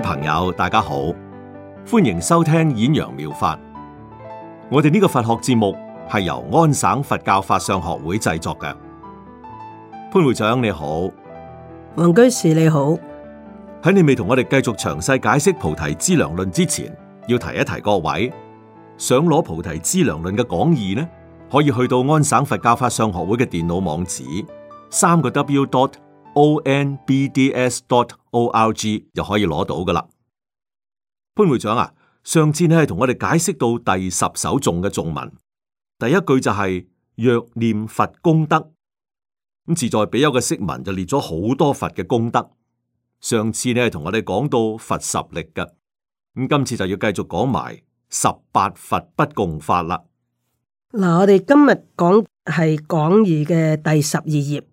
朋友，大家好，歡迎收聽演揚妙，妙法。我哋呢個佛學節目係由安省佛教法相學會製作嘅。潘會長你好，黃居士你好。喺你未同我哋繼續詳細解釋《菩提資糧論》之前，要提一提各位，想攞《菩提資糧論》嘅講義呢，可以去到安省佛教法相學會嘅電腦網址，三個 W dot。O N B D S dot O L G 就可以攞到噶啦。潘會長啊，上次咧係同我哋解釋到第十首頌嘅頌文，第一句就係若念佛功德，咁、嗯、自在比丘嘅釋文就列咗好多佛嘅功德。上次咧係同我哋講到佛十力嘅，咁、嗯、今次就要繼續講埋十八佛不共法啦。嗱、嗯，我哋今日講係講義嘅第十二頁。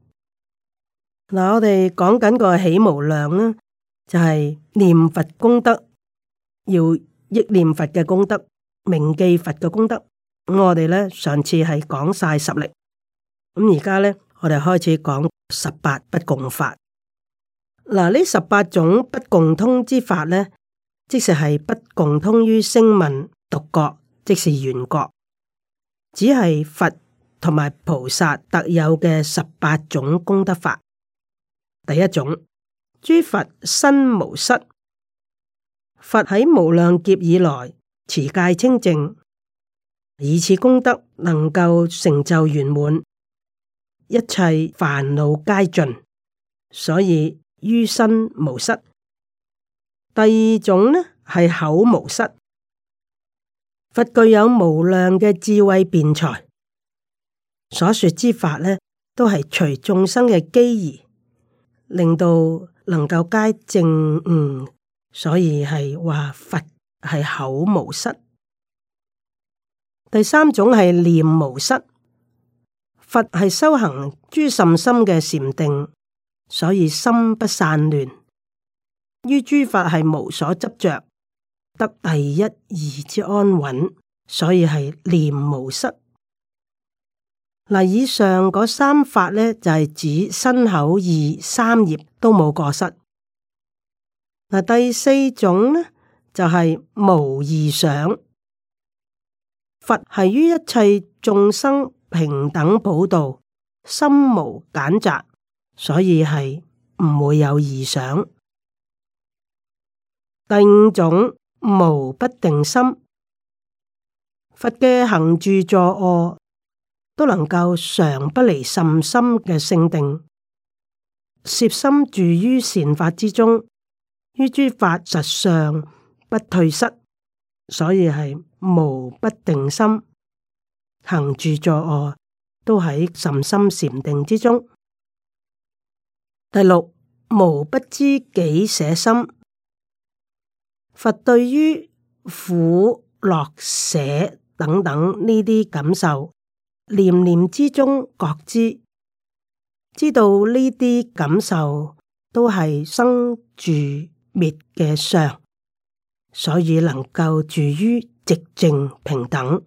嗱、嗯，我哋講緊個起無量啦，就係、是、念佛功德，要憶念佛嘅功德，銘記佛嘅功德。我哋呢上次係講晒十力，咁而家呢，我哋開始講十八不共法。嗱、嗯，呢十八種不共通之法呢，即使係不共通於聲聞獨覺，即是緣覺，只係佛同埋菩薩特有嘅十八種功德法。第一種，諸佛身無失，佛喺無量劫以來持戒清淨，以此功德能夠成就圓滿，一切煩惱皆盡，所以於身無失。第二種呢，係口無失，佛具有無量嘅智慧辯才，所說之法呢，都係隨眾生嘅機宜。令到能夠皆正悟，嗯，所以係話佛係口無失。第三種係念無失，佛係修行諸甚深嘅禪定，所以心不散亂。於諸法係無所執着，得第一而之安穩，所以係念無失。嗱，以上嗰三法咧就係、是、指身口意三業都冇過失。嗱，第四種咧就係、是、無異想，佛係於一切眾生平等普度，心無揀擇，所以係唔會有異想。第五種無不定心，佛嘅行住坐臥。都能夠常不離甚深嘅聖定，攝心住於善法之中，於諸法實相不退失，所以係無不定心，行住坐卧都喺甚深禪定之中。第六無不知己捨心，佛對於苦樂捨等等呢啲感受，念念之中覺知，知道呢啲感受都係生住滅嘅相，所以能夠住於寂靜平等。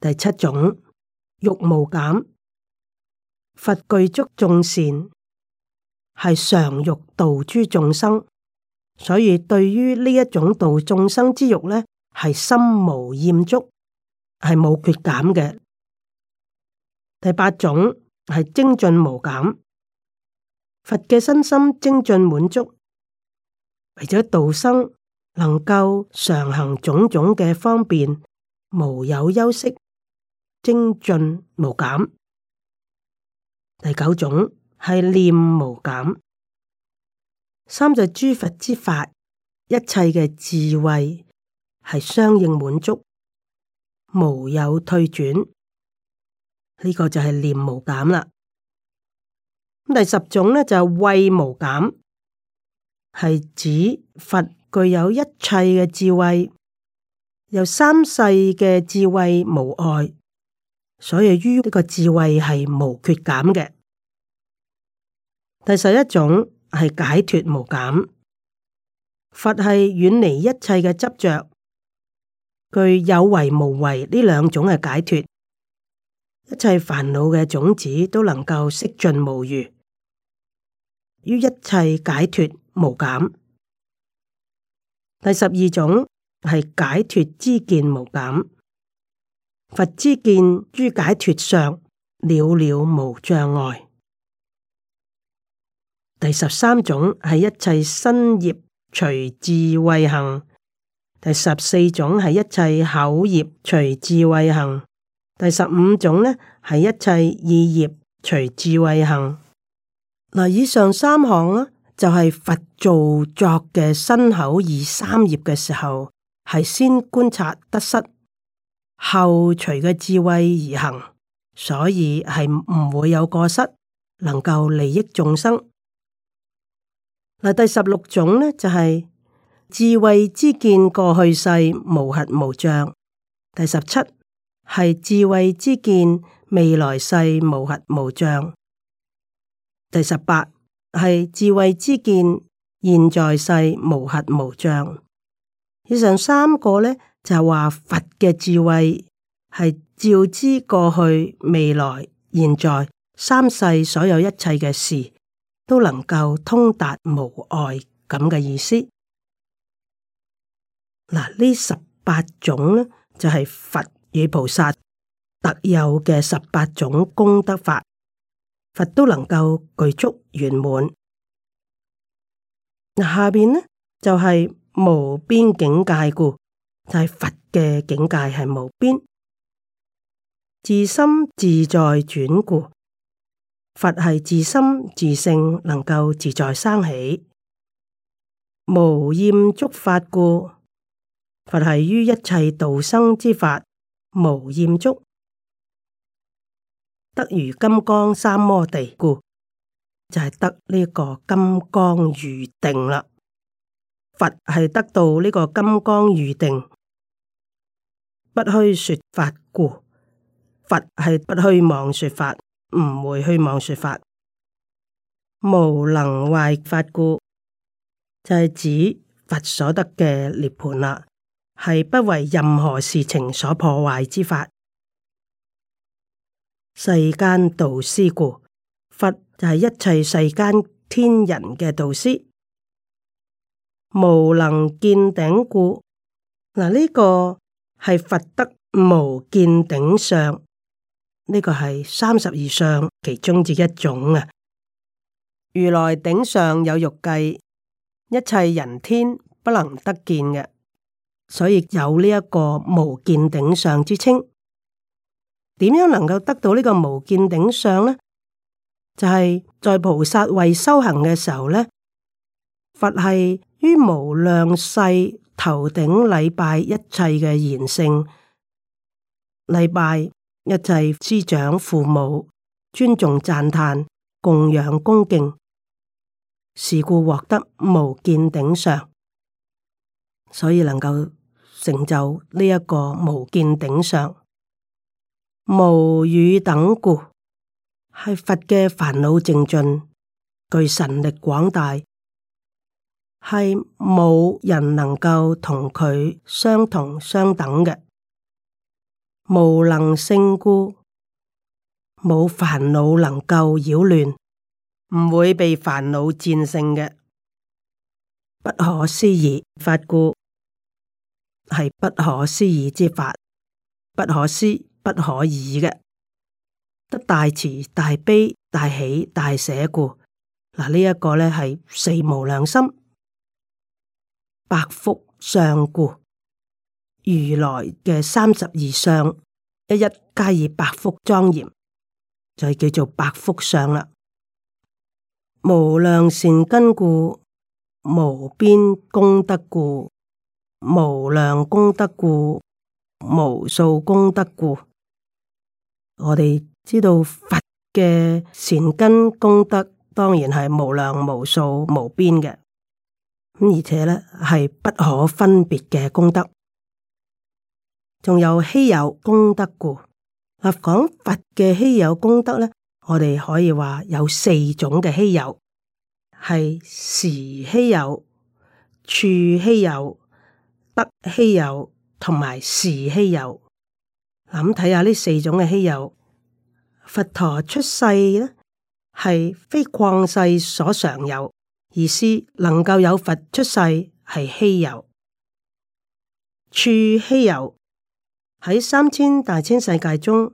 第七種欲無減。佛具足眾善，係常欲度諸眾生，所以對於呢一種度眾生之欲呢，係心無厭足。係冇缺減嘅。第八種係精進無減，佛嘅身心精進滿足，為咗度生能夠常行種種嘅方便，無有休息，精進無減。第九種係念無減，三在諸佛之法，一切嘅智慧係相應滿足。無有退轉，呢個就係念無減啦。第十種呢，就係慧無減，係指佛具有一切嘅智慧，有三世嘅智慧無礙，所以於呢個智慧係無缺減嘅。第十一種係解脫無減，佛係遠離一切嘅執着。具有為無為呢兩種嘅解脫，一切煩惱嘅種子都能夠悉盡無餘，於一切解脫無減。第十二種係解脫知見無減，佛知見於解脫上了了無障礙。第十三種係一切身業隨智慧行。第十四種係一切口業隨智慧行，第十五種呢，係一切意業隨智慧行。嗱，以上三項呢，就係佛造作嘅身口意三業嘅時候，係先觀察得失，後隨嘅智慧而行，所以係唔會有過失，能夠利益眾生。嗱，第十六種呢，就係、是。智慧之見過去世無核無障，第十七係智慧之見未來世無核無障，第十八係智慧之見現在世無核無障。以上三個呢，就係話佛嘅智慧係照知過去、未來、現在三世所有一切嘅事都能夠通達無礙咁嘅意思。嗱，呢十八種呢，就係佛與菩薩特有嘅十八種功德法，佛都能夠具足圓滿。嗱，下邊呢，就係無邊境界故，就係佛嘅境界係無邊，自心自在轉故，佛係自心自性能夠自在生起，無厭足法故。佛係於一切道生之法無厭足，得如金剛三摩地故，故就係、是、得呢個金剛如定啦。佛係得到呢個金剛如定，不虛說法故，佛係不虛妄說法，唔會虛妄說法，無能壞法故，就係、是、指佛所得嘅涅槃啦。係不為任何事情所破壞之法。世間導師故，佛就係一切世間天人嘅導師，無能見頂故。嗱，呢個係佛德無見頂相，呢、這個係三十二相其中之一種啊。如來頂上有肉髻，一切人天不能得見嘅。所以有呢一個無見頂上之稱，點樣能夠得到呢個無見頂上呢？就係、是、在菩薩為修行嘅時候呢，佛係於無量世頭頂禮拜一切嘅賢聖，禮拜一切師長父母，尊重讚歎，供養恭敬，是故獲得無見頂上，所以能夠。成就呢一個無見頂上、無與等故，係佛嘅煩惱靜盡，具神力廣大，係冇人能夠同佢相同相等嘅，無能勝故，冇煩惱能夠擾亂，唔會被煩惱戰勝嘅，不可思議法故。係不可思議之法，不可思不可以嘅，得大慈大悲大喜大捨故。嗱、啊，這個、呢一個咧，係四無量心，百福相故。如來嘅三十二相，一一加以百福莊嚴，就叫做百福相啦。無量善根故，無邊功德故。無量功德故，無數功德故，我哋知道佛嘅善根功德，當然係無量無數無邊嘅，而且呢係不可分別嘅功德。仲有稀有功德故，嗱講佛嘅稀有功德呢，我哋可以話有四種嘅稀有，係時稀有、處稀有。得稀有同埋時稀有，嗱，睇下呢四種嘅稀有。佛陀出世呢，係非曠世所常有，而是能夠有佛出世係稀有。處稀有，喺三千大千世界中，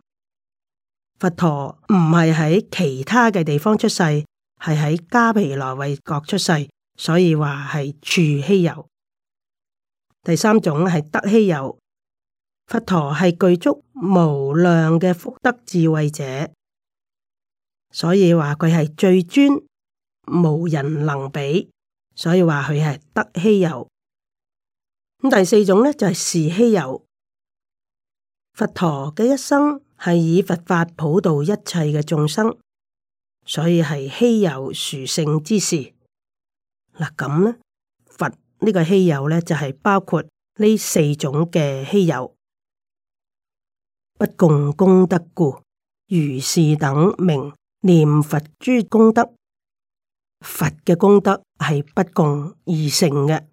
佛陀唔係喺其他嘅地方出世，係喺迦毗羅衛國出世，所以話係處稀有。第三種係德希有，佛陀係具足無量嘅福德智慧者，所以話佢係最尊，無人能比，所以話佢係德希有。第四種咧就係時希有，佛陀嘅一生係以佛法普渡一切嘅眾生，所以係希有殊勝之事。嗱咁呢。呢個稀有咧，就係、是、包括呢四種嘅稀有，不共功德故，如是等名念佛諸功德，佛嘅功德係不共而成嘅。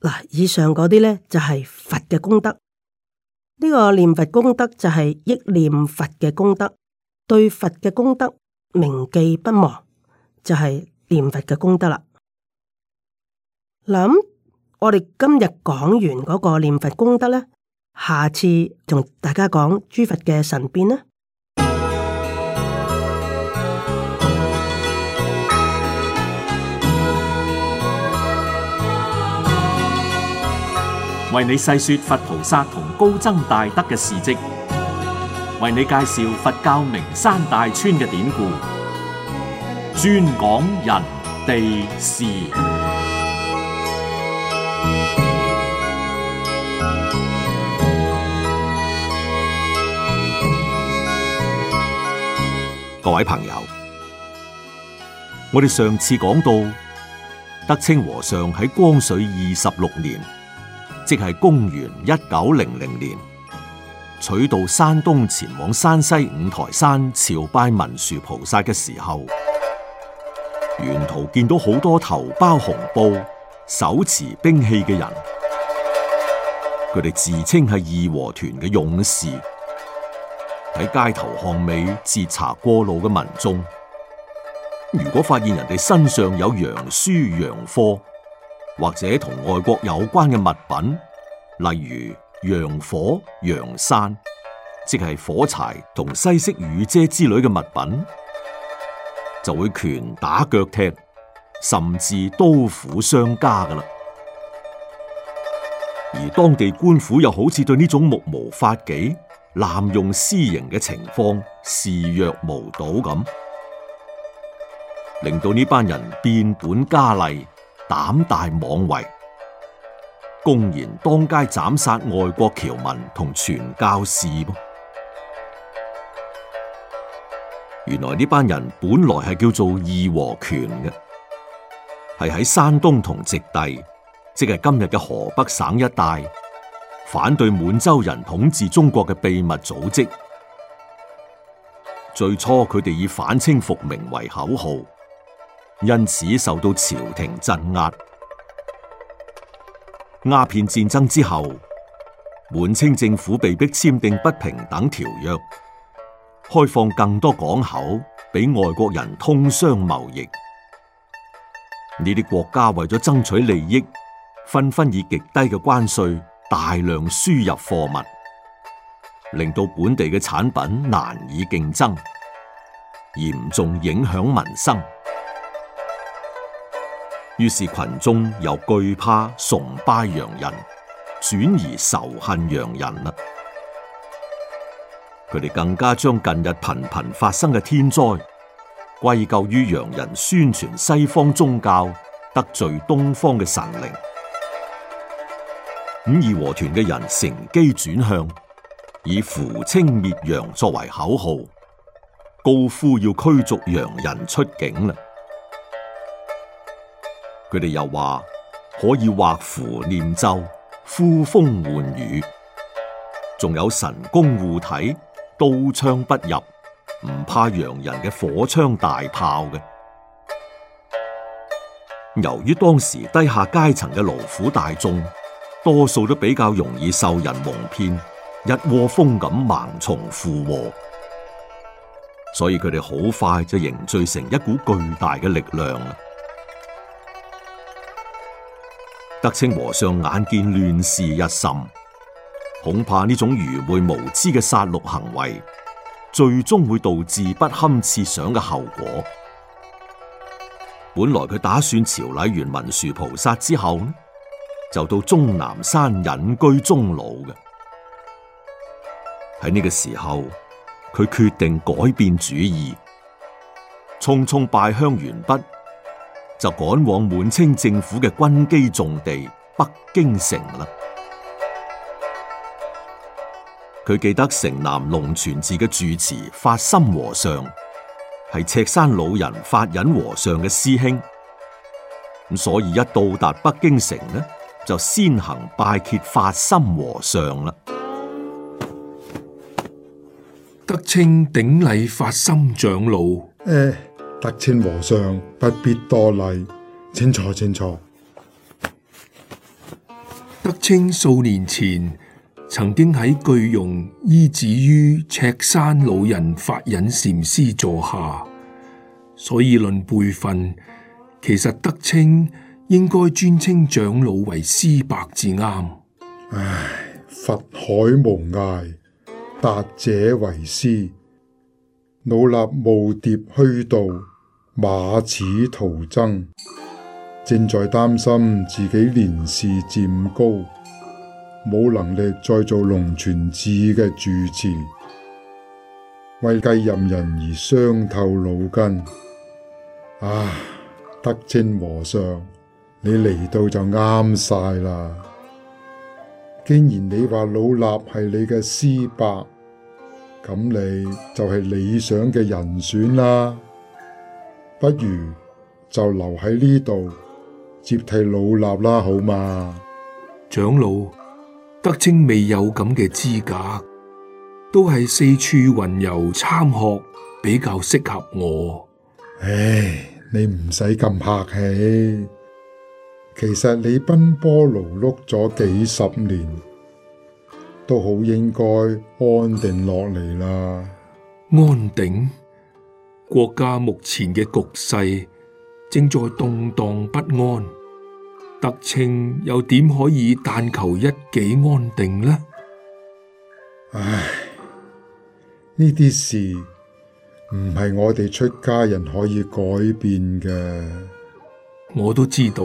嗱，以上嗰啲咧就係、是、佛嘅功德，呢、這個念佛功德就係憶念佛嘅功德，對佛嘅功德銘記不忘，就係、是、念佛嘅功德啦。嗱，我哋今日講完嗰個念佛功德呢，下次同大家講諸佛嘅神變呢。為你細說佛菩薩同高僧大德嘅事迹，為你介紹佛教名山大川嘅典故，專講人地事。各位朋友，我哋上次講到，德清和尚喺光緒二十六年，即係公元一九零零年，取道山東前往山西五台山朝拜文殊菩薩嘅時候，沿途見到好多頭包紅布、手持兵器嘅人，佢哋自稱係義和團嘅勇士。喺街頭巷尾截查過路嘅民眾，如果發現人哋身上有洋書洋貨，或者同外國有關嘅物品，例如洋火、洋傘，即係火柴同西式雨遮之類嘅物品，就會拳打腳踢，甚至刀斧相加㗎喇。而當地官府又好似對呢種目無法紀、濫用私刑嘅情況視若無睹咁，令到呢班人變本加厲、膽大妄為，公然當街斬殺外國僑民同傳教士噃。原來呢班人本來係叫做義和拳嘅，係喺山東同直隸。即係今日嘅河北省一帶，反對滿洲人統治中國嘅秘密組織。最初佢哋以反清復明為口號，因此受到朝廷鎮壓。鴉片戰爭之後，滿清政府被迫簽訂不平等條約，開放更多港口，俾外國人通商貿易。呢啲國家為咗爭取利益。紛紛以極低嘅關稅大量輸入貨物，令到本地嘅產品難以競爭，嚴重影響民生。於是群眾由懼怕崇拜洋人，轉而仇恨洋人啦。佢哋更加將近日頻頻發生嘅天災，歸咎於洋人宣傳西方宗教得罪東方嘅神靈。五義和團嘅人乘機轉向，以扶清滅洋作為口號，高呼要驅逐洋人出境啦。佢哋又話可以畫符念咒、呼風喚雨，仲有神功護體、刀槍不入，唔怕洋人嘅火槍大炮嘅。由於當時低下階層嘅勞苦大眾，多數都比較容易受人蒙騙，一窩蜂咁盲從附和，所以佢哋好快就凝聚成一股巨大嘅力量啦。德清和尚眼見亂事日甚，恐怕呢種愚昧無知嘅殺戮行為，最終會導致不堪設想嘅後果。本來佢打算朝禮完文殊菩薩之後呢，就到終南山隱居終老嘅。喺呢個時候，佢決定改變主意，匆匆拜香完畢，就趕往滿清政府嘅軍機重地北京城啦。佢記得城南龍泉寺嘅住持法心和尚係赤山老人法忍和尚嘅師兄，咁所以一到達北京城呢？就先行拜謁法心和尚啦。德清頂禮法心長老。誒，德清和尚不必多禮，清楚清楚。德清數年前曾經喺句容依止於赤山老人法忍禪師座下，所以論輩分，其實德清。應該尊稱長老為師伯至啱。唉，佛海無涯，達者為師，努力務跌虛度，馬齒徒增。正在擔心自己年事漸高，冇能力再做龍泉寺嘅住持，為繼任人而傷透腦筋。啊，德清和尚。你嚟到就啱晒啦！既然你話老衲係你嘅師伯，咁你就係理想嘅人選啦。不如就留喺呢度，接替老衲啦，好嘛？長老，德清未有咁嘅資格，都係四處雲遊參學，比較適合我。唉，你唔使咁客氣。其實你奔波勞碌咗幾十年，都好應該安定落嚟啦。安定，國家目前嘅局勢正在動盪不安，德清又點可以但求一己安定呢？唉，呢啲事唔係我哋出家人可以改變嘅，我都知道。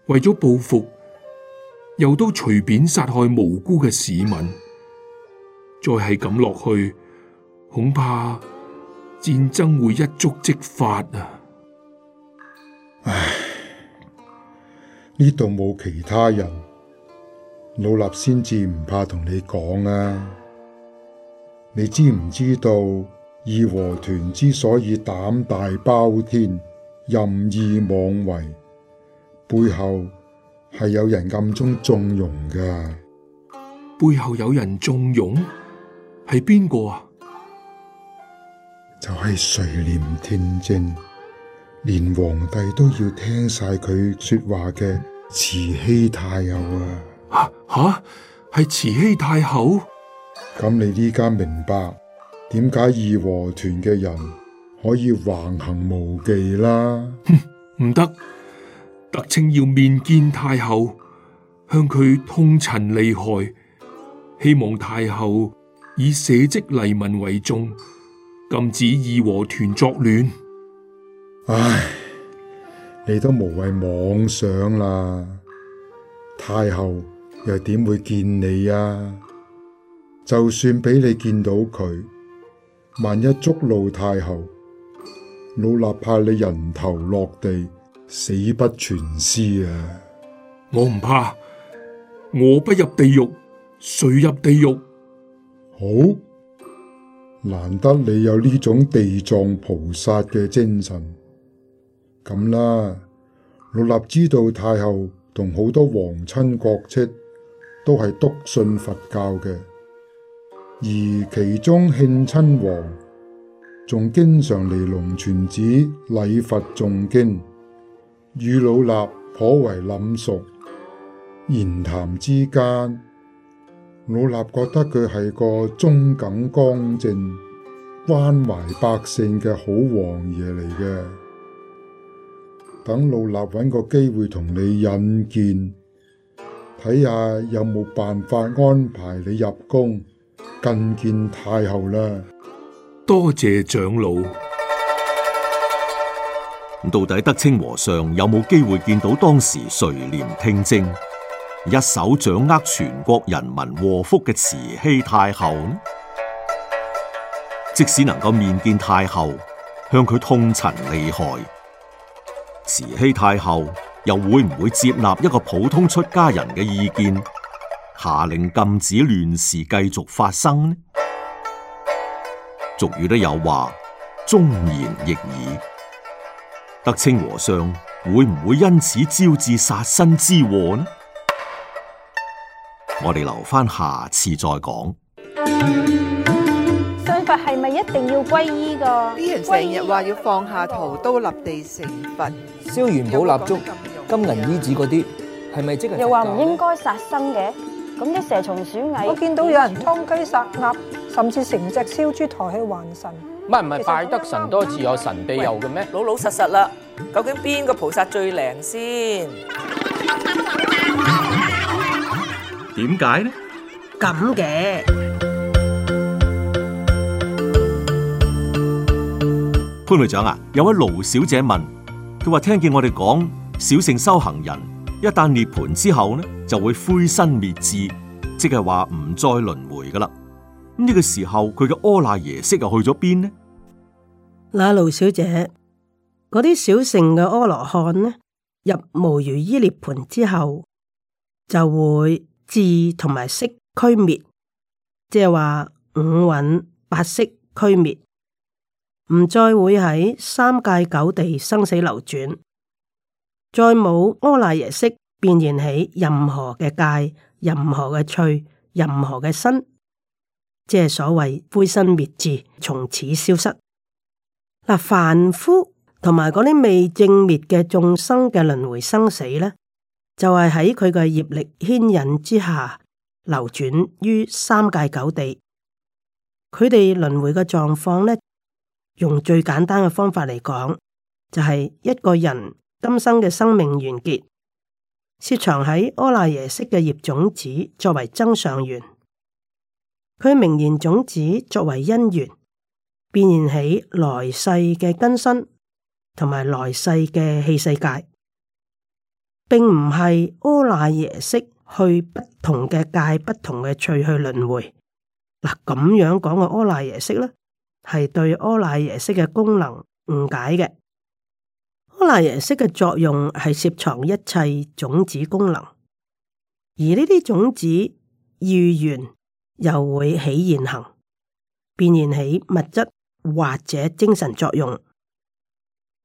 為咗報復，又都隨便殺害無辜嘅市民，再係咁落去，恐怕戰爭會一觸即發啊！唉，呢度冇其他人，老衲先至唔怕同你講啊！你知唔知道義和團之所以膽大包天、任意妄為？背後係有人暗中縱容嘅，背後有人縱容係邊個啊？就係垂簾聽政，連皇帝都要聽晒佢說話嘅慈禧太后啊！吓、啊，係、啊、慈禧太后。咁、嗯、你呢家明白點解義和團嘅人可以橫行無忌啦？唔得。特稱要面見太后，向佢痛陳利害，希望太后以社稷黎民為重，禁止義和團作亂。唉，你都無謂妄想啦，太后又點會見你啊？就算俾你見到佢，萬一觸怒太后，老衲怕你人頭落地。死不全屍啊！我唔怕，我不入地獄，誰入地獄？好難得你有呢種地藏菩薩嘅精神。咁啦、啊，六立知道太后同好多皇親國戚都係篤信佛教嘅，而其中慶親王仲經常嚟龍泉寺禮佛誦經。與老衲頗為稔熟，言談之間，老衲覺得佢係個忠耿剛正、關懷百姓嘅好王爺嚟嘅。等老衲揾個機會同你引見，睇下有冇辦法安排你入宮更見太后啦。多謝長老。到底德清和尚有冇機會見到當時垂簾聽政、一手掌握全國人民禍福嘅慈禧太后呢？即使能夠面見太后，向佢痛陳利害，慈禧太后又會唔會接納一個普通出家人嘅意見，下令禁止亂事繼續發生呢？俗語都有話：忠言逆耳。德清和尚會唔會因此招致殺身之禍呢？我哋留翻下,下次再講。信、嗯、佛係咪一定要皈依噶？啲人成日話要放下屠刀立地成佛，燒元寶蠟燭、金銀衣紙嗰啲，係咪即係？又話唔應該殺生嘅，咁啲蛇蟲鼠蟻，我見到有人當雞殺鴨，甚至成隻燒豬抬去還神。咪唔係，拜得神多自有神庇佑嘅咩？老老實實啦，究竟邊個菩薩最靈先？點解呢？咁嘅潘會長啊，有位盧小姐問，佢話聽見我哋講小乘修行人一旦涅槃之後呢，就會灰身滅智，即係話唔再輪迴噶啦。呢個時候，佢嘅阿賴耶識又去咗邊呢？那盧小姐，嗰啲小乘嘅阿羅漢呢？入無餘依涅槃之後，就會自同埋色俱滅，即係話五蘊八識俱滅，唔再會喺三界九地生死流轉，再冇阿賴耶識變現起任何嘅界、任何嘅趣、任何嘅身。即係所謂灰身滅智，從此消失。嗱，凡夫同埋嗰啲未正滅嘅眾生嘅輪回生死咧，就係喺佢嘅業力牽引之下流轉於三界九地。佢哋輪回嘅狀況咧，用最簡單嘅方法嚟講，就係、是、一個人今生嘅生命完結，攝藏喺阿賴耶識嘅業種子作為增上緣。佢名言種子作為因緣，變現起來世嘅根身同埋來世嘅器世界，並唔係阿賴耶識去不同嘅界，不同嘅趣去輪迴。嗱，咁樣講嘅阿賴耶識咧，係對阿賴耶識嘅功能誤解嘅。阿賴耶識嘅作用係攝藏一切種子功能，而呢啲種子意緣。又會起現行，變現起物質或者精神作用。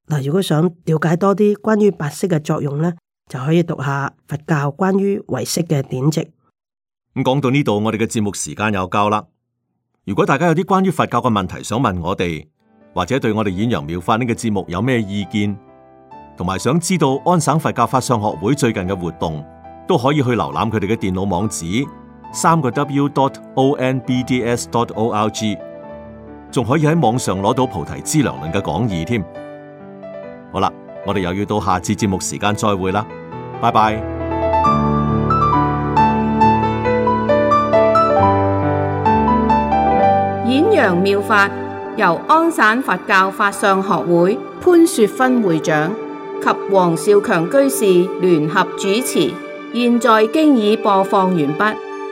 嗱，如果想了解多啲關於白色嘅作用咧，就可以讀下佛教關於唯識嘅典籍。咁講到呢度，我哋嘅節目時間又夠啦。如果大家有啲關於佛教嘅問題想問我哋，或者對我哋演揚妙法呢、這個節目有咩意見，同埋想知道安省佛教法相學會最近嘅活動，都可以去瀏覽佢哋嘅電腦網址。三個 w.dot.o.n.b.d.s.dot.o.l.g，仲可以喺網上攞到菩提資糧論嘅講義添。好啦，我哋又要到下次節目時間再會啦，拜拜。演揚妙法由安省佛教法相學會潘雪芬會長及黃少強居士聯合主持，現在經已播放完畢。